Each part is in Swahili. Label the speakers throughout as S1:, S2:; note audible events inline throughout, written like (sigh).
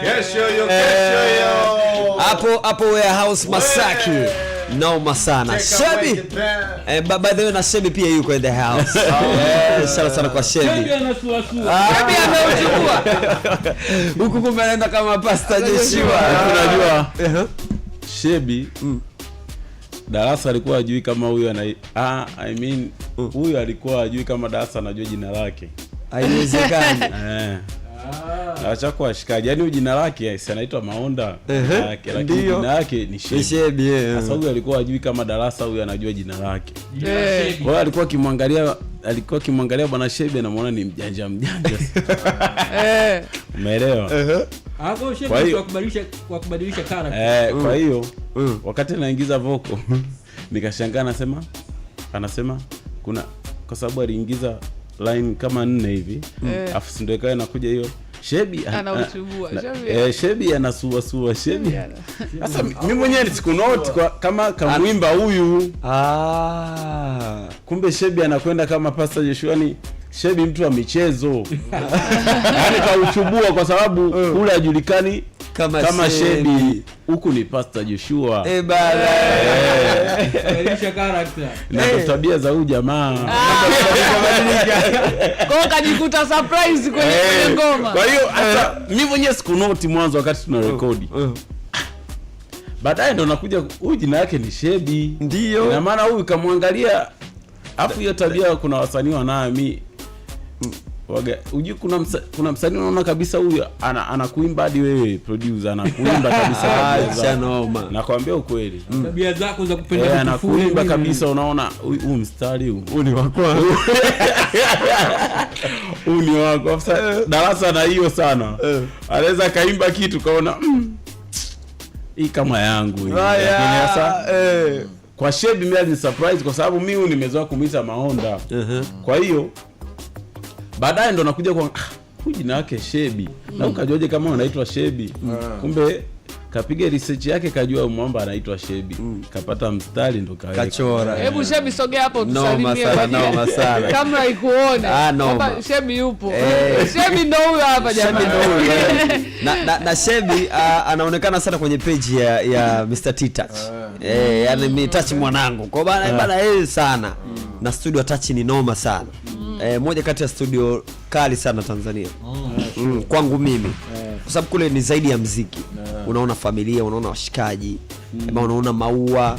S1: Kesho hiyo, kesho hiyo.
S2: Hapo hapo warehouse Masaki. Noma sana. Shebi. Eh, by the way na Shebi pia yuko in the house.
S1: Oh, eh,
S2: sana sana kwa Shebi.
S3: Shebi anasuasua.
S2: Ah. Shebi (laughs) Huku kumbe anaenda kama pasta Joshua. Ah.
S1: Unajua. Uh-huh. Shebi mm. Darasa alikuwa ajui kama huyu ana ah, I mean mm. huyu alikuwa ajui kama Darasa anajua jina lake.
S2: Haiwezekani.
S1: (laughs) Eh. Wachako shikaji. Yaani jina lake si anaitwa Maonda lake, lakini jina lake ni
S2: Shebi.
S1: Sasa huyu alikuwa hajui kama darasa huyu anajua jina lake.
S2: Kwa
S1: hiyo alikuwa akimwangalia alikuwa akimwangalia bwana Shebi anamwona ni mjanja mjanja. (laughs) Eh. Umeelewa?
S3: Hapo Shebi ah, kwa kubadilisha kwa kubadilisha character.
S1: Eh, kwa mm. hiyo mm. wakati anaingiza voko (laughs) nikashangaa anasema anasema kuna kwa sababu aliingiza line kama nne hivi, mm. afu ndio ikawa inakuja hiyo Ah, ah, eh,
S3: Shebi
S1: Shebi anasuasua Shebi. Sasa mwenyewe sikunoti kama kamwimba huyu
S2: ah.
S1: kumbe Shebi anakwenda kama pasta joshuani Shebi mtu wa michezo (laughs) yani kauchubua kwa sababu eh. ule ajulikani
S2: kama, kama shebi
S1: huku ni pasta Joshua
S2: e
S3: character
S1: na tabia za huyu jamaa ah.
S3: kwa kajikuta surprise kwenye hey, eh. ngoma.
S1: Kwa hiyo hata mimi mwenyewe sikunoti mwanzo wakati tuna rekodi uh, eh. uh. Baadaye ndo nakuja huyu jina yake ni Shebi, ndio na maana huyu kamwangalia, afu hiyo tabia kuna wasanii wanaami waga kuna msa, kuna msanii unaona kabisa huyu ana, anakuimba hadi wewe producer anakuimba (laughs) kabisa acha nakwambia ukweli
S3: mm. tabia zako za kupenda kufunika eh,
S1: anakuimba kabisa unaona huu mstari huu ni wako (laughs) huu ni wako darasa na hiyo sana eh. anaweza kaimba kitu kaona mm, hii kama yangu hii eh. kwa shebi mimi ni surprise kwa sababu mimi nimezoea kumuita maonda uh-huh. kwa hiyo baadaye ndo nakuja kwa ah, jina lake Shebi mm. na ukajuaje kama anaitwa Shebi mm. Ah. kumbe kapiga research yake kajua mwamba anaitwa Shebi mm. kapata mstari ndo kaweka
S2: kachora.
S3: Hebu Shebi sogea hapo
S2: tusalimie. No, no,
S3: Kamera ikuone.
S2: Ah, no. Hapa
S3: Shebi yupo. Hey. Eh. Shebi ndo huyo hapa
S2: jamani. Eh. (laughs) na, na, na Shebi uh, anaonekana sana kwenye page ya, ya Mr T Touch. Ah. eh, yani mi touch mwanangu. Kwa bana bana yeye eh, sana. Mm. Na studio touch ni noma sana eh, moja kati ya studio kali sana Tanzania ah, mm. Mm, kwangu mimi yeah. kwa sababu kule ni zaidi ya mziki yeah. unaona familia, unaona washikaji mm. unaona maua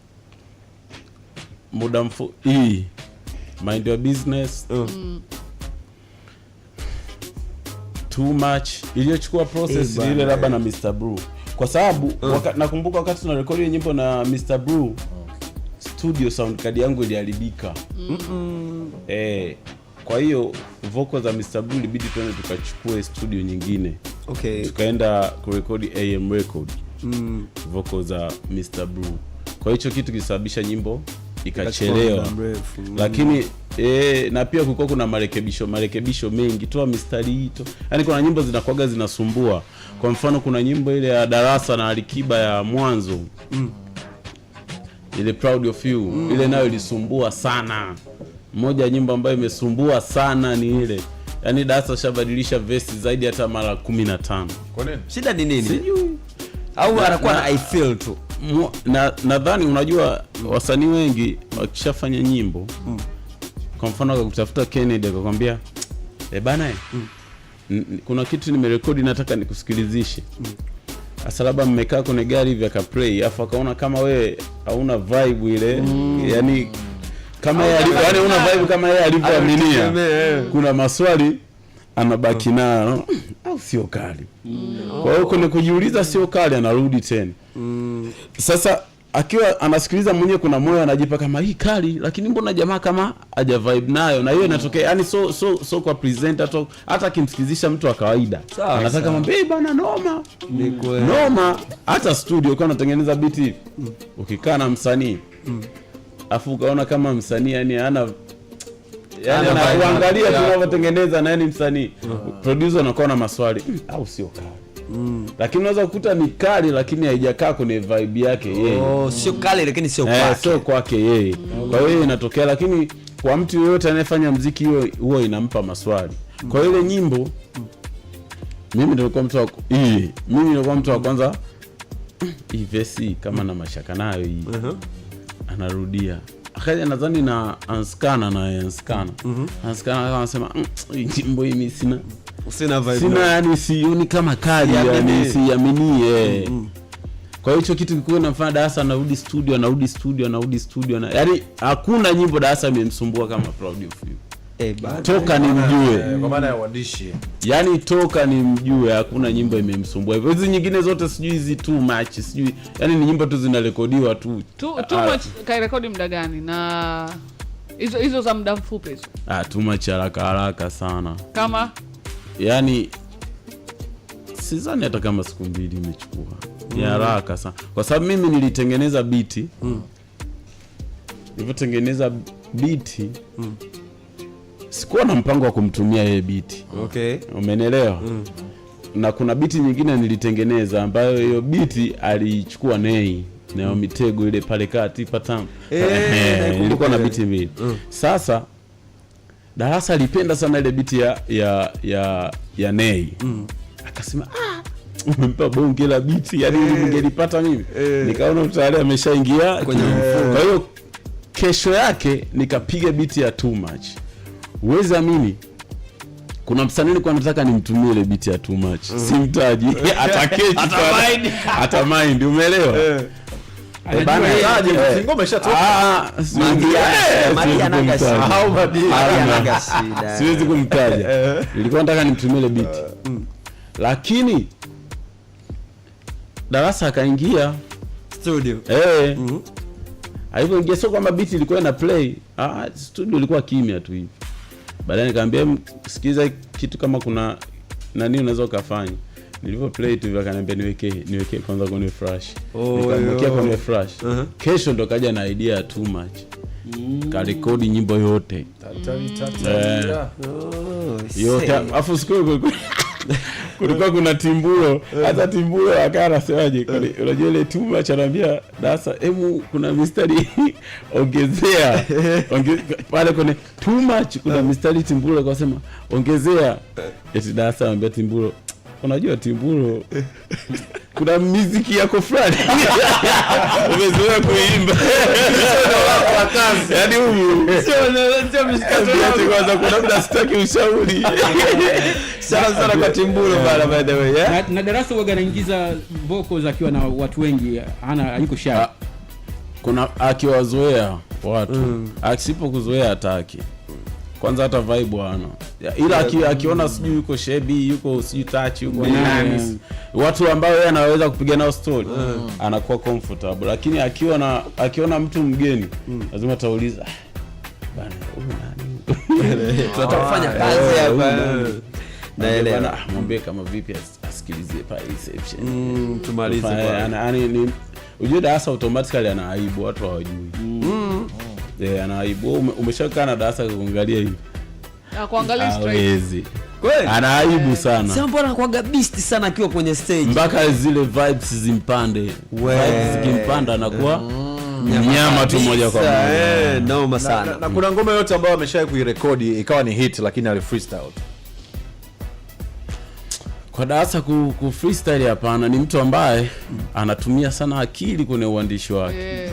S1: muda mfu hii mind your business oh. mm. too much iliyochukua process hey, ile labda na Mr Blue kwa sababu uh. waka, nakumbuka wakati tunarekodi nyimbo na Mr Blue uh. studio sound card yangu iliharibika mm -mm. eh kwa hiyo vocal za Mr Blue ilibidi tuende tukachukue studio nyingine okay. tukaenda kurekodi AM record mm. vocal za Mr Blue kwa hicho kitu kilisababisha nyimbo ikachelewa, lakini e, na pia kulikuwa kuna marekebisho marekebisho mengi, toa mistari hii to, yani kuna nyimbo zinakuaga zinasumbua. Kwa mfano kuna nyimbo ile ya Darasa na Alikiba ya mwanzo mm. ile Proud of You mm. ile nayo ilisumbua sana. Moja ya nyimbo ambayo imesumbua sana ni ile yani Darasa shabadilisha vesi zaidi hata mara 15. Kwa nini?
S2: Shida ni nini? Sijui. Au anakuwa na I feel tu
S1: nadhani na unajua wasanii wengi wakishafanya nyimbo mm. kwa mfano akakutafuta Kennedy akakwambia e bana eh, mm. kuna kitu nimerekodi nataka nikusikilizishe mm. Asa labda mmekaa kwenye gari hivi akaplay, afu akaona kama wewe hauna vibe ile mm. yani kama yeye yani una vibe kama yeye alivyoaminia, eh. kuna maswali anabaki mm. no? Mm. au sio kali. Mm. Kwa hiyo kwenye kujiuliza sio kali, anarudi tena sasa akiwa anasikiliza mwenyewe, kuna moyo anajipa kama hii kali, lakini mbona jamaa kama haja vibe nayo, na hiyo inatokea. Yani so so so kwa presenter to hata akimsikilizisha mtu wa kawaida anataka mwambie bana, noma noma. Hata studio kwa anatengeneza beat ukikaa na msanii afu ukaona kama msanii yani ana yani anakuangalia yaani tunavyotengeneza, naye ni msanii producer, anakuwa na maswali au sio kali Mm. Lakini unaweza kukuta ni kali lakini haijakaa kwenye vibe yake yeye. Oh,
S2: sio kali lakini sio eh, kwake. sio
S1: kwake yeye. Kwa hiyo inatokea lakini kwa mtu yoyote anayefanya mziki huo huo inampa maswali. Kwa ile nyimbo mm. mimi nilikuwa mtu wa hii, mimi nilikuwa mtu wa kwanza hii kama na mashaka nayo hii. Uh -huh. Anarudia. Khadija nadhani na Anskana na mhm. Anskana. anskana kama Anskana anasema mm, jimbo hii sina sina vibe. Sina yani sioni kama kali yani siaminie. Eh. Mm -hmm. Kwa hiyo hicho kitu kilikuwa kinamfanya Darasa anarudi studio anarudi studio anarudi studio na yani hakuna nyimbo Darasa imemsumbua kama Proud of You. Eh, toka ni eh, kwa
S3: maana ya uandishi,
S1: yaani toka nimjue hakuna nyimbo imemsumbua hivyo. Hizi nyingine zote sijui hizi too much, sijui yani ni nyimbo tu zinarekodiwa tu.
S3: Ah. kairekodi muda gani? na hizo hizo za muda mfupi hizo. Ah,
S1: haraka haraka sana, kama yani sizani hata kama siku mbili imechukua, ni mm. haraka sana kwa sababu mimi nilitengeneza biti, mm. nilivyotengeneza biti mm sikuwa na mpango wa kumtumia yeye biti okay. umenelewa mm. Na kuna biti nyingine nilitengeneza ambayo hiyo biti alichukua Nei na mitego mm. ile pale kati patam eh, eh, nilikuwa na biti mbili mm. Sasa darasa alipenda sana ile biti ya ya ya, ya Nei mm. Akasema ah, umempa bonge la biti yani hey. Eh. Ningelipata mimi hey. Nikaona tayari ameshaingia Kwa hiyo kesho yake nikapiga biti ya too much uwezi amini kuna msanii nilikuwa nataka nimtumie ile beat ya too much mm. simtaji (laughs) ataketi (laughs)
S2: atamind (laughs)
S1: atamind umeelewa Siwezi kumtaja, eh. ilikuwa nataka nimtumile ile biti eh, mm. lakini Darasa akaingia eh. mm-hmm. Alivyoingia sio kwamba biti ilikuwa ina play ah, studio ilikuwa kimya tu hivi Baadaye nikamwambia sikiza, kitu kama kuna nani unaweza ukafanya. Nilivyo play tu akaniambia niweke niweke kwanza kwenye flash. Oh, nikamwekea kwenye flash. Uh -huh. Kesho ndo kaja na idea ya too much. Mm. Karekodi nyimbo yote.
S3: Tata tata. Eh. Oh,
S1: yote. Afu siku (laughs) kulikuwa kuna timbulo eh. hata timbulo akaa anasemaje, eh. unajua ile tumba chanaambia dasa, hebu kuna mistari (laughs) ongezea (laughs) pale kwenye too kuna eh. mistari timbulo kasema ongezea, eti dasa ambia timbulo Unajua Timburo (laughs) kuna miziki yako fulani (laughs) umezoea kuimba, yaani kwanza kuna mda sitaki ushauri (laughs) sana kwa Timburo bana,
S3: na, Darasa waga anaingiza mboko akiwa na watu wengi, ana yuko sharp, ah,
S1: kuna akiwazoea watu mm. kuzoea hataki kwanza hata vai bwana, ila aki, akiona sijui yuko shebi yuko sijui touch yuko nani, watu ambao yeye anaweza kupiga nao story mm. anakuwa comfortable, lakini akiona akiona mtu mgeni mm. lazima atauliza bana, huyu nani,
S2: (laughs) tunataka ah, kazi hapa
S1: naelewa ah, mwambie kama vipi asikilizie pale reception mm,
S2: tumalize bwana,
S1: yani ujue darasa automatically ana aibu, watu hawajui mm yeah, na darasa kuangalia hivi
S3: na kuangalia eh.
S1: sana.
S2: anakuwa akiwa kwenye stage,
S1: mpaka zile vibes zimpande, zikimpanda anakuwa mm. mnyama tu moja kwa moja. Eh,
S2: noma sana. Na
S1: kuna ngoma yote ambayo ameshawahi kuirekodi ikawa ni hit, lakini ali freestyle kwa darasa ku, ku freestyle hapana, ni mtu ambaye anatumia sana akili kwenye uandishi wake yeah.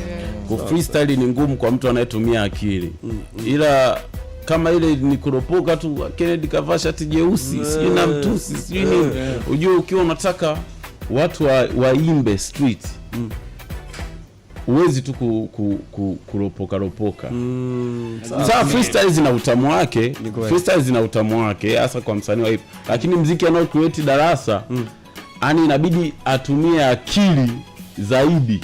S1: Ku freestyle ni ngumu kwa mtu anayetumia akili mm, mm. Ila kama ile ni kuropoka tu, Kennedy kavaa shati jeusi yeah. Sijui na mtusi sijui nini Ujue ukiwa unataka watu waimbe wa street mm huwezi tu ku, ku, Mm, sasa freestyle zina utamu wake, freestyle zina utamu wake hasa kwa msanii wa hip, lakini mziki anao create darasa mm. Ani inabidi atumie akili zaidi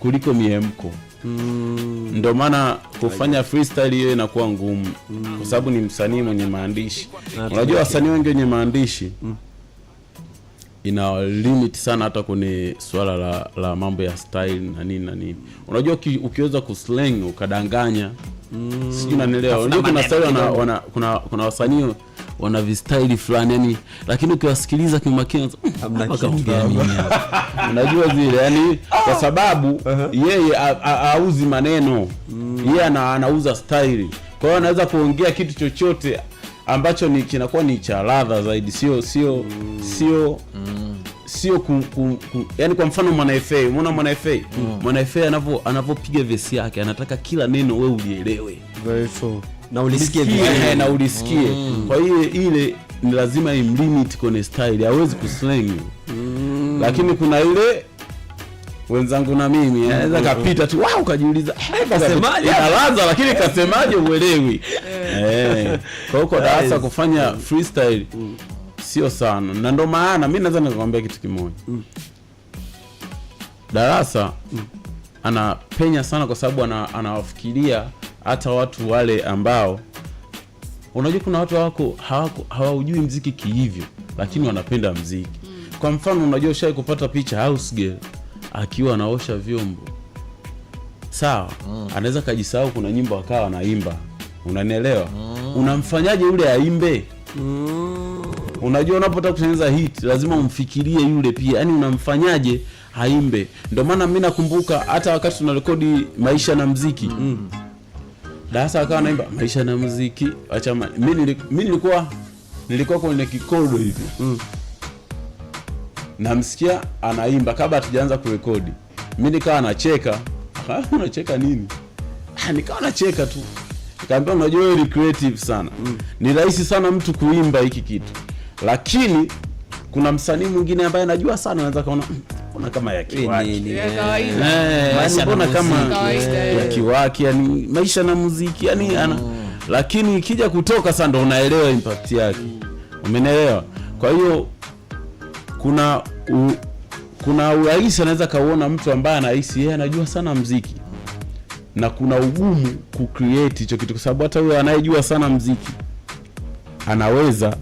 S1: kuliko miemko mm. Ndio maana kufanya freestyle hiyo inakuwa ngumu mm. Kwa sababu ni msanii mwenye maandishi. Unajua wasanii wengi wenye maandishi mm ina limit sana hata kwenye swala la, la mambo ya style na nini na nini. Unajua ki, ukiweza kuslang ukadanganya mm. sijui unanielewa. Unajua kuna style wana, wana, kuna kuna wasanii wana vistaili fulani yani, lakini ukiwasikiliza kimakini mm, kaongea nini (laughs) hapa, unajua zile yani, kwa sababu uh -huh. yeye auzi maneno mm. yeye ana, anauza staili, kwa hiyo anaweza kuongea kitu chochote ambacho ni kinakuwa ni cha ladha zaidi, sio sio sio sio ku, ku, ku, yani kwa mfano mwana FA, umeona mwana FA mm. mwana FA anavyo anavyopiga vesi yake anataka kila neno wewe ulielewe na ulisikie vizuri na ulisikie mm. kwa hiyo ile ni lazima imlimit kwenye style, hawezi kuslang mm. lakini kuna ile wenzangu na mimi eh, mm. anaweza
S2: kapita tu wow, ukajiuliza eh, kasemaje,
S1: alaza lakini kasemaje, uelewi (laughs) eh. Kwa darasa kufanya freestyle mm. sio sana, na ndo maana mi naweza nikakwambia kitu kimoja mm. darasa mm. anapenya sana kwa sababu ana, anawafikiria hata watu wale ambao unajua kuna watu hawako hawaujui mziki kiivyo, lakini mm. wanapenda mziki mm. Kwa mfano unajua, ushai kupata picha house girl akiwa anaosha vyombo sawa, mm. anaweza kajisahau, kuna nyimbo akawa anaimba unanielewa? mm. Unamfanyaje yule aimbe? mm. Unajua, unapotaka kutengeneza hit lazima umfikirie yule pia, yaani unamfanyaje aimbe. Ndio maana mimi nakumbuka hata wakati tunarekodi maisha na mziki mm. Darasa akawa naimba maisha na mziki achama. Mimi nilikuwa nilikuwa kwenye kikodo hivi mm. namsikia anaimba kabla hatujaanza kurekodi, mimi nikawa nacheka. (laughs) Unacheka nini? Ah, nikawa nacheka tu Nikaambiwa unajua wewe ni creative sana. Mm. Ni rahisi sana mtu kuimba hiki kitu. Lakini kuna msanii mwingine ambaye najua sana anaweza kaona kuna hmm, kama ya kiwaki. Ya eh, kawaida. Eh, maisha na kama eh. ya kiwaki, yani maisha na muziki, yani mm. ana lakini ikija kutoka sasa ndo unaelewa impact yake. Mm. Umenielewa? Kwa hiyo kuna u, kuna urahisi anaweza kauona mtu ambaye anahisi yeye anajua sana mziki na kuna ugumu kucreate hicho kitu, kwa sababu hata huyo anayejua sana mziki anaweza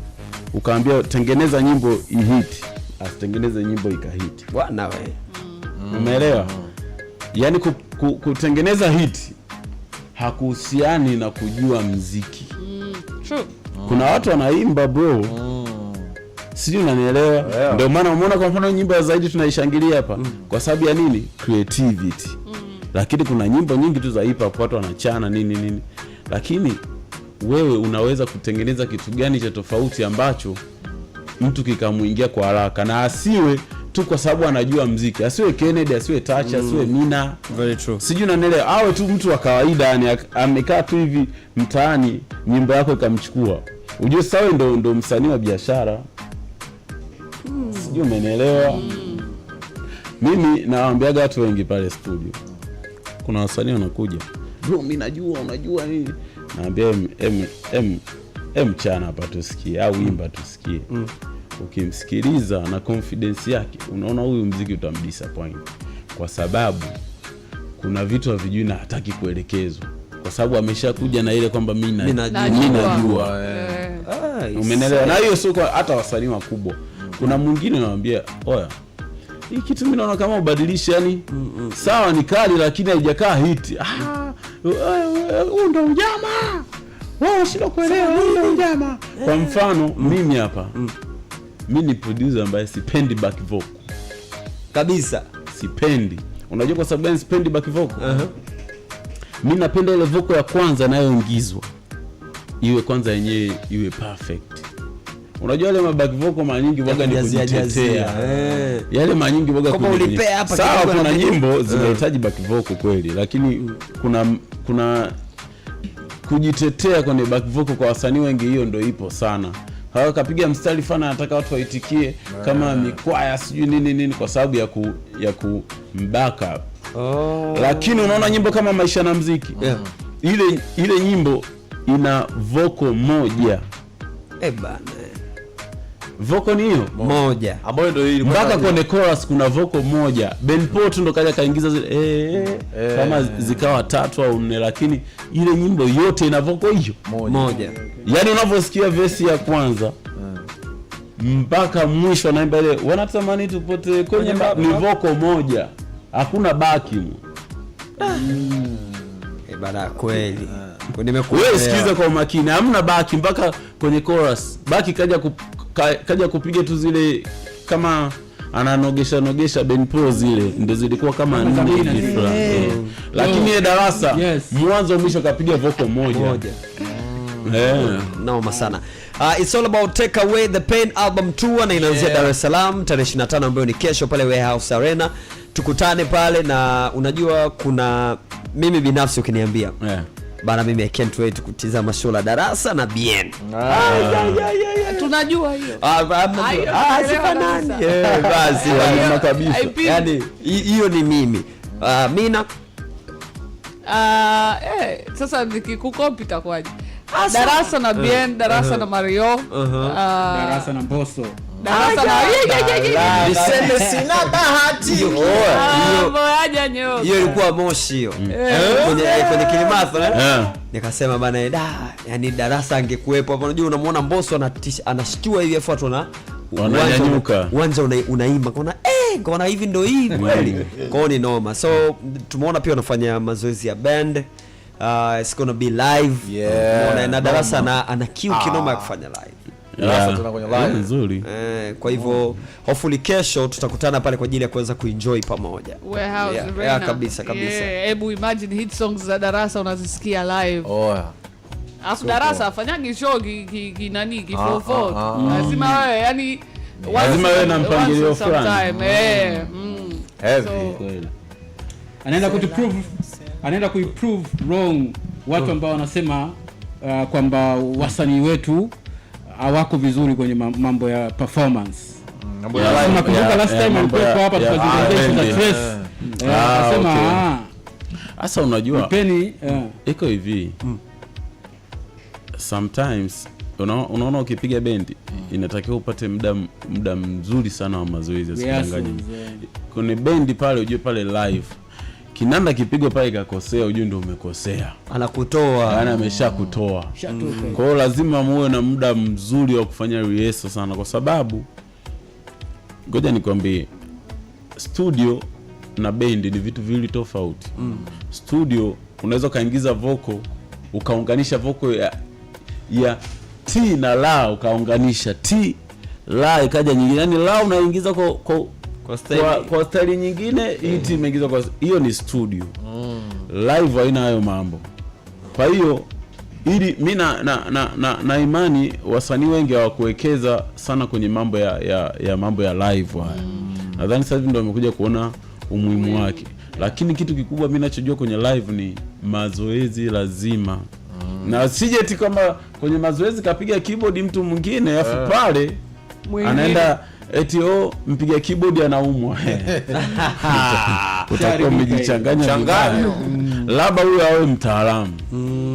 S1: ukaambia tengeneza nyimbo ihiti, asitengeneze nyimbo ikahiti
S2: bwana we, mm.
S1: umeelewa? Yani ku, ku, kutengeneza hiti hakuhusiani na kujua mziki mm, true. Kuna watu wanaimba bro mm. Sijui unanielewa? Ndio maana umeona, kwa mfano nyimbo zaidi tunaishangilia hapa mm. Kwa sababu ya nini? Creativity lakini kuna nyimbo nyingi tu za hip hop watu wanachana nini nini, lakini wewe unaweza kutengeneza kitu gani cha tofauti ambacho mtu kikamuingia kwa haraka na asiwe tu kwa sababu anajua mziki, asiwe Kennedy, asiwe Tacha, mm. asiwe Mina,
S2: very true, sijui
S1: unanielewa, awe tu mtu wa kawaida, yani amekaa tu hivi mtaani, nyimbo yako ikamchukua. Ujue sawe ndo, ndo msanii wa biashara mm. sijui umenelewa mm. Mimi nawambiaga watu wengi pale studio kuna wasanii wanakuja, bro, mi najua unajua nini, naambia mchana hapa tusikie, au imba tusikie mm. Ukimsikiliza na konfidensi yake, unaona huyu mziki utamdisappoint, kwa sababu kuna vitu havijui na hataki kuelekezwa, kwa sababu ameshakuja na ile kwamba mi
S2: najua, eh.
S1: eh. umenelewa Na hiyo sio hata wasanii wakubwa, mm. kuna mwingine nawambia oya hii kitu mimi naona kama ubadilishi yani mm -mm. Sawa ni kali lakini haijakaa hiti. huu ndo ujamaa. Wao kuelewa huo ndo ujamaa. Kwa mfano eh. mimi hapa mm. ni producer ambaye sipendi back vocal. Kabisa sipendi. Unajua kwa sababu gani sipendi back vocal? Uh -huh. mi napenda ile vocal ya kwanza nayoingizwa Iwe kwanza yenyewe iwe perfect. Unajua yale maback vocal mara nyingi waga ni
S2: kujitetea. Eh.
S1: Yale mara nyingi waga kama
S2: ulipea hapa sawa,
S1: kuna nyimbo eh. zinahitaji back vocal kweli, lakini kuna kuna kujitetea kwenye back vocal kwa wasanii wengi, hiyo ndio ipo sana. Hawa kapiga mstari fana, anataka watu waitikie kama eh. mikwaya sijui nini nini, kwa sababu ya ku ya ku backup. Oh. Lakini unaona nyimbo kama maisha na mziki yeah. Ile ile nyimbo ina vocal moja. Eh bana voko ni hiyo
S2: moja ambayo
S1: ndio hii mpaka kwenye chorus kuna voko moja. Ben Paul ndo kaja kaingiza zile eh, e. kama zikawa tatu au nne, lakini ile nyimbo yote ina voko hiyo moja,
S2: moja. Okay. yani
S1: unavyosikia verse ya kwanza eh. mpaka mwisho anaimba ile wanatamani tupote kwenye ni voko moja, hakuna baki mm.
S2: E bana, kweli
S1: wewe sikiza kwa umakini, hamna baki mpaka kwenye chorus. Baki kaja ka, kaja kupiga tu zile kama ananogesha nogesha benpo zile ndo zilikuwa kama nne hivi fulani eh. lakini ile oh. darasa yes. mwanzo mwisho kapiga voko moja, moja.
S2: Yeah. Naoma sana. Uh, it's all about Take Away the Pain album tour na inaanzia yeah. Dar es Salaam tarehe 25 ambayo ni kesho pale Warehouse Arena. Tukutane pale na unajua kuna mimi binafsi ukiniambia yeah. Bana, mimi can't wait kutizama show la darasa na bn
S3: ah. Tunajua hiyo. Ah,
S2: ah sifanani. Eh, basi kabisa. Yaani hiyo ni mimi. Ah, Mina.
S3: Ah, eh, sasa nikikukopi itakuwaje? Ah, darasa na bn eh, darasa uh-huh. na eh. Mario. uh-huh. uh,
S1: Darasa na Mbosso
S2: niseme sina bahati.
S3: Hiyo ah, ilikuwa
S2: Moshi hiyo mm. eh. Eh, kwenye eh, nikasema bana, da, yani darasa angekuwepo hapo. Unajua, unamwona Mbosso anashtua hivi afu uwanja unaimba kaona hivi ndo hii mm. kweli, kwao ni noma. So tumeona pia wanafanya mazoezi ya band uh, it's gonna be live yeah, na darasa ana kiu kinoma ya kufanya live
S1: Yaani nzuri eh,
S2: Kwa hivyo hofuli kesho tutakutana pale kwa ajili ya kuweza kuenjoy pamoja warehouse yeah, yeah, kabisa kabisa. Hebu
S3: yeah, imagine hit songs za darasa unazisikia live oh yeah. Afu darasa afanyagi show ki, ki, ki nani ki ah, fofo ah, ah, lazima mm. wewe yani
S1: lazima wewe na mpangilio
S3: fulani mm. eh mm. heavy anaenda kutuprove anaenda kuiprove wrong watu ambao wanasema uh, kwamba wasanii wetu hawako vizuri kwenye mambo ya performance. hasa eh,
S1: ah, ah, unajua eh. iko hivi mm. sometimes unaona ukipiga bendi mm. inatakiwa upate muda muda mzuri sana wa mazoezi, asikanganye yes, kwenye bendi pale, ujue pale live kinanda kipigwa pale ikakosea, ujue ndio umekosea,
S2: anakutoa yani
S1: amesha kutoa. Kwa hiyo lazima muwe na muda mzuri wa kufanya rehearsal sana, kwa sababu ngoja nikwambie, studio na bendi ni vitu viwili tofauti mm. Studio unaweza ukaingiza voko ukaunganisha voko ya, ya t na la ukaunganisha t la ikaja nyingine, yani la unaingiza kwa, kwa kwa, staili nyingine hii okay. Timu ingiza kwa hiyo ni studio mm. Live haina hayo mambo, kwa hiyo ili mi na, na, na, na, na imani wasanii wengi hawakuwekeza sana kwenye mambo ya, ya, ya mambo ya live haya mm. Nadhani sasa hivi ndio wamekuja kuona umuhimu wake, lakini kitu kikubwa mi nachojua kwenye live ni mazoezi lazima mm. na sijeti kwamba kwenye mazoezi kapiga keyboard mtu mwingine afu eh. pale anaenda eti o oh, mpiga keyboard anaumwa, (laughs) (laughs) utakuwa umejichanganya mm. labda huyo awe mtaalamu mm.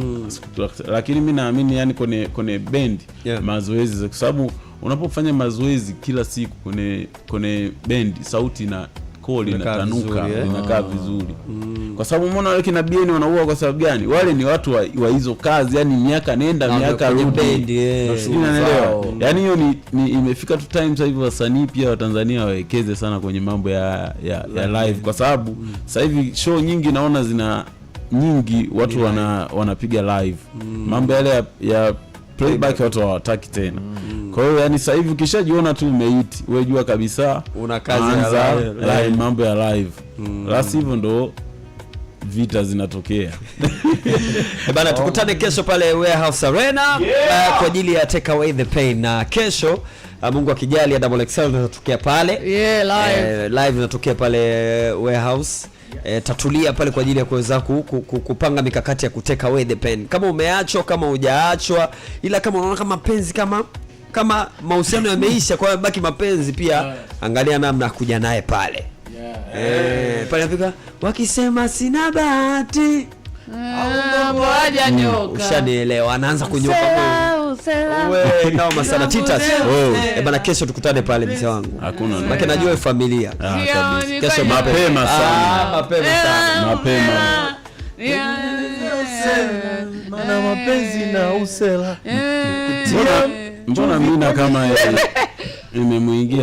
S1: Lakini mi naamini yani kwenye kwenye bendi yeah. Mazoezi kwa sababu unapofanya mazoezi kila siku kwenye kwenye bendi sauti na koo linatanuka linakaa vizuri, eh? ah. mm. kwa sababu mona wale kina bieni wanaua kwa sababu gani? Wale ni watu wa, wa hizo kazi, yani miaka nenda miaka rudi,
S2: eh. unaelewa?
S1: Yani hiyo ni, ni imefika tu time sasa hivi wasanii pia wa Tanzania wawekeze sana kwenye mambo ya, ya, ya live, kwa sababu mm. sasa hivi show nyingi naona zina nyingi watu yeah. wana wanapiga live mm. mambo yale ya, ya playback watu hawataki tena. Kwa hiyo yani sasa hivi ukishajiona tu umehiti, wewe jua kabisa una
S2: kazi ya
S1: live, mambo ya live. Mm. Basi hivyo ndo vita zinatokea. (laughs)
S2: Bana, tukutane kesho pale Warehouse Arena yeah, uh, kwa ajili ya take away the pain na kesho uh, Mungu akijali, Double XL inatokea pale yeah,
S1: live. Eh, live
S2: inatokea pale uh, Warehouse E, tatulia pale kwa ajili ya kuweza kupanga mikakati ya kuteka away the pen kama umeachwa, kama hujaachwa, ila kama unaona kama penzi kama kama mahusiano yameisha, kwa baki mapenzi pia, angalia namna kuja naye pale yeah. E, pale afika wakisema sina bahati, mm,
S3: mm,
S2: ushanielewa, anaanza kunyoka We noma sana Titus. Oh, eh bana, kesho tukutane pale mzee wangu. Hakuna. Maana najua familia. Ah,
S1: kesho mapema ah, sana. Mapema
S2: sana. Mapema.
S3: Mana eh. mapenzi na usela. Eh.
S1: Mbona mina kama (laughs) imemuingia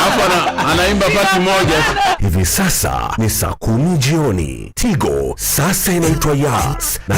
S1: Hapo anaimba pati moja hivi
S2: sasa. Ni saa kumi jioni. Tigo sasa inaitwa Yas na